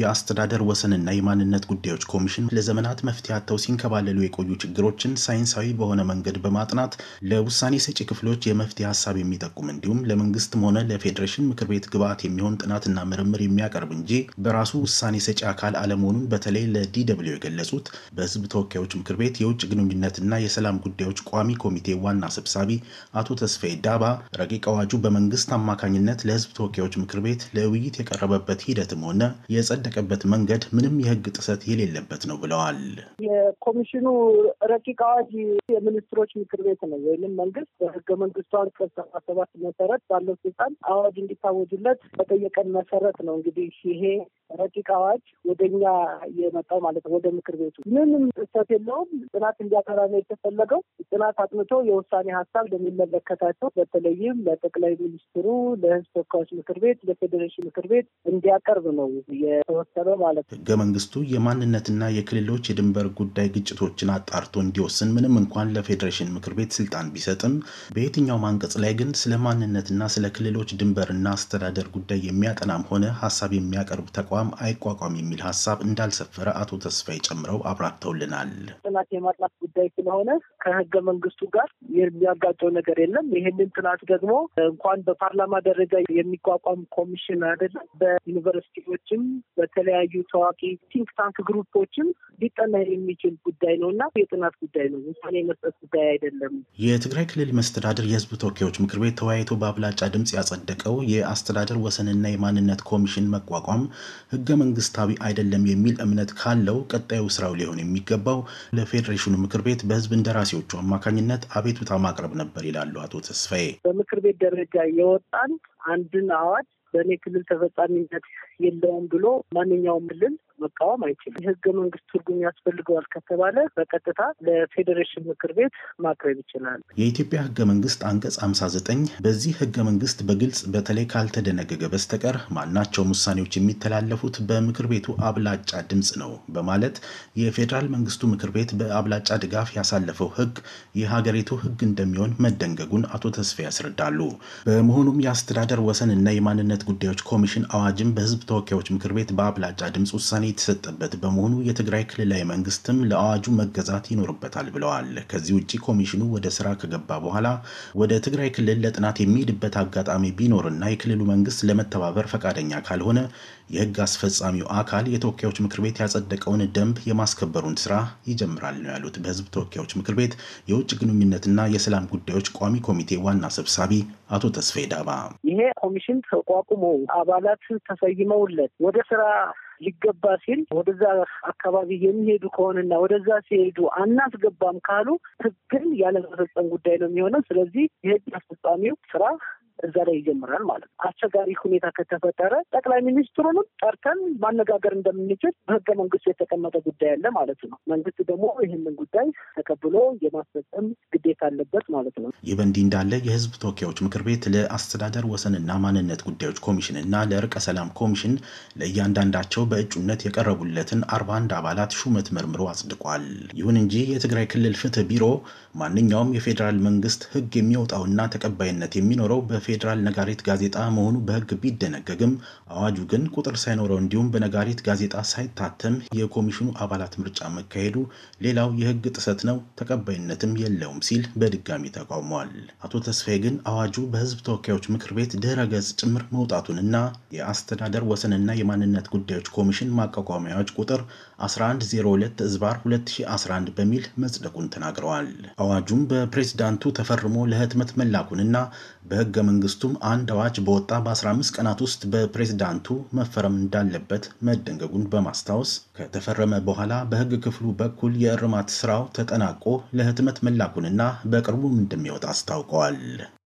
የአስተዳደር ወሰንና የማንነት ጉዳዮች ኮሚሽን ለዘመናት መፍትሄ አጥተው ሲንከባለሉ የቆዩ ችግሮችን ሳይንሳዊ በሆነ መንገድ በማጥናት ለውሳኔ ሰጪ ክፍሎች የመፍትሄ ሀሳብ የሚጠቁም እንዲሁም ለመንግስትም ሆነ ለፌዴሬሽን ምክር ቤት ግብዓት የሚሆን ጥናትና ምርምር የሚያቀርብ እንጂ በራሱ ውሳኔ ሰጪ አካል አለመሆኑን በተለይ ለዲ የገለጹት በህዝብ ተወካዮች ምክር ቤት የውጭ ግንኙነትና የሰላም ጉዳዮች ቋሚ ኮሚቴ ዋና ሰብሳቢ አቶ ተስፋዬ ዳባ ረቂቅ አዋጁ በመንግስት አማካኝነት ለህዝብ ተወካዮች ምክር ቤት ለውይይት የቀረበበት ሂደትም ሆነ የጸደቀበት መንገድ ምንም የህግ ጥሰት የሌለበት ነው ብለዋል። የኮሚሽኑ ረቂቅ አዋጅ የሚኒስትሮች ምክር ቤት ነው ወይም መንግስት በህገ መንግስቱ አንቀጽ ሰባ ሰባት መሰረት ባለው ስልጣን አዋጅ እንዲታወጁለት በጠየቀን መሰረት ነው እንግዲህ ይሄ ረቂቅ አዋጅ ወደኛ የመጣው ማለት ነው፣ ወደ ምክር ቤቱ ምንም እሰት የለውም። ጥናት እንዲያጠራ ነው የተፈለገው። ጥናት አጥንቶ የውሳኔ ሀሳብ ለሚመለከታቸው በተለይም ለጠቅላይ ሚኒስትሩ፣ ለህዝብ ተወካዮች ምክር ቤት፣ ለፌዴሬሽን ምክር ቤት እንዲያቀርብ ነው የተወሰነው ማለት ነው። ህገ መንግስቱ የማንነትና የክልሎች የድንበር ጉዳይ ግጭቶችን አጣርቶ እንዲወስን ምንም እንኳን ለፌዴሬሽን ምክር ቤት ስልጣን ቢሰጥም በየትኛውም አንቀጽ ላይ ግን ስለ ማንነትና ስለ ክልሎች ድንበርና አስተዳደር ጉዳይ የሚያጠናም ሆነ ሀሳብ የሚያቀርብ ተቋም ሰላም አይቋቋም የሚል ሀሳብ እንዳልሰፈረ አቶ ተስፋዬ ጨምረው አብራርተውልናል። ጥናት የማጥናት ጉዳይ ስለሆነ ከህገ መንግስቱ ጋር የሚያጋጨው ነገር የለም። ይህንን ጥናት ደግሞ እንኳን በፓርላማ ደረጃ የሚቋቋም ኮሚሽን አይደለም፣ በዩኒቨርሲቲዎችም በተለያዩ ታዋቂ ቲንክ ታንክ ግሩፖችም ሊጠና የሚችል ጉዳይ ነው እና የጥናት ጉዳይ ነው፣ ውሳኔ የመስጠት ጉዳይ አይደለም። የትግራይ ክልል መስተዳድር የህዝብ ተወካዮች ምክር ቤት ተወያይቶ በአብላጫ ድምጽ ያጸደቀው የአስተዳደር ወሰንና የማንነት ኮሚሽን መቋቋም ህገ መንግስታዊ አይደለም የሚል እምነት ካለው ቀጣዩ ስራው ሊሆን የሚገባው ለፌዴሬሽኑ ምክር ቤት በህዝብ እንደራሴዎቹ አማካኝነት አቤቱታ ማቅረብ ነበር ይላሉ አቶ ተስፋዬ። በምክር ቤት ደረጃ የወጣን አንድን አዋጅ በእኔ ክልል ተፈጻሚነት የለውም ብሎ ማንኛውም ክልል መቃወም አይችልም። የህገ መንግስት ትርጉም ያስፈልገዋል ከተባለ በቀጥታ ለፌዴሬሽን ምክር ቤት ማቅረብ ይችላል። የኢትዮጵያ ህገ መንግስት አንቀጽ ሀምሳ ዘጠኝ በዚህ ህገ መንግስት በግልጽ በተለይ ካልተደነገገ በስተቀር ማናቸውም ውሳኔዎች የሚተላለፉት በምክር ቤቱ አብላጫ ድምፅ ነው በማለት የፌዴራል መንግስቱ ምክር ቤት በአብላጫ ድጋፍ ያሳለፈው ህግ የሀገሪቱ ህግ እንደሚሆን መደንገጉን አቶ ተስፋ ያስረዳሉ። በመሆኑም የአስተዳደር ወሰን እና የማንነት የዳኝነት ጉዳዮች ኮሚሽን አዋጅም በህዝብ ተወካዮች ምክር ቤት በአብላጫ ድምፅ ውሳኔ የተሰጠበት በመሆኑ የትግራይ ክልላዊ መንግስትም ለአዋጁ መገዛት ይኖርበታል ብለዋል። ከዚህ ውጭ ኮሚሽኑ ወደ ስራ ከገባ በኋላ ወደ ትግራይ ክልል ለጥናት የሚሄድበት አጋጣሚ ቢኖርና የክልሉ መንግስት ለመተባበር ፈቃደኛ ካልሆነ የህግ አስፈጻሚው አካል የተወካዮች ምክር ቤት ያጸደቀውን ደንብ የማስከበሩን ስራ ይጀምራል ነው ያሉት በህዝብ ተወካዮች ምክር ቤት የውጭ ግንኙነትና የሰላም ጉዳዮች ቋሚ ኮሚቴ ዋና ሰብሳቢ አቶ ተስፋዬ ዳባ ይሄ ኮሚሽን ተቋቁ ተቋቁሞ አባላት ተሰይመውለት ወደ ስራ ሊገባ ሲል ወደዛ አካባቢ የሚሄዱ ከሆነና ወደዛ ሲሄዱ አናስገባም ካሉ ህግን ያለመፈጸም ጉዳይ ነው የሚሆነው። ስለዚህ የህግ አስፈጻሚው ስራ እዛ ላይ ይጀምራል ማለት ነው። አስቸጋሪ ሁኔታ ከተፈጠረ ጠቅላይ ሚኒስትሩንም ጠርተን ማነጋገር እንደምንችል በህገ መንግስቱ የተቀመጠ ጉዳይ አለ ማለት ነው። መንግስት ደግሞ ይህንን ጉዳይ ተቀብሎ የማስፈጸም ግዴታ አለበት ማለት ነው። ይህ በእንዲህ እንዳለ የህዝብ ተወካዮች ምክር ቤት ለአስተዳደር ወሰንና ማንነት ጉዳዮች ኮሚሽን እና ለእርቀ ሰላም ኮሚሽን ለእያንዳንዳቸው በእጩነት የቀረቡለትን አርባ አንድ አባላት ሹመት መርምሮ አጽድቋል። ይሁን እንጂ የትግራይ ክልል ፍትህ ቢሮ ማንኛውም የፌዴራል መንግስት ህግ የሚወጣውና ተቀባይነት የሚኖረው በፌ የፌዴራል ነጋሪት ጋዜጣ መሆኑ በሕግ ቢደነገግም አዋጁ ግን ቁጥር ሳይኖረው እንዲሁም በነጋሪት ጋዜጣ ሳይታተም የኮሚሽኑ አባላት ምርጫ መካሄዱ ሌላው የሕግ ጥሰት ነው፣ ተቀባይነትም የለውም ሲል በድጋሚ ተቃውሟል። አቶ ተስፋዬ ግን አዋጁ በሕዝብ ተወካዮች ምክር ቤት ድህረ ገጽ ጭምር መውጣቱንና የአስተዳደር ወሰንና የማንነት ጉዳዮች ኮሚሽን ማቋቋሚያዎች ቁጥር 1102 ዝባር 2011 በሚል መጽደቁን ተናግረዋል። አዋጁም በፕሬዝዳንቱ ተፈርሞ ለህትመት መላኩንና በህገ መንግስቱም አንድ አዋጅ በወጣ በ15 ቀናት ውስጥ በፕሬዝዳንቱ መፈረም እንዳለበት መደንገጉን በማስታወስ ከተፈረመ በኋላ በህግ ክፍሉ በኩል የእርማት ስራው ተጠናቆ ለህትመት መላኩንና በቅርቡም እንደሚወጣ አስታውቀዋል።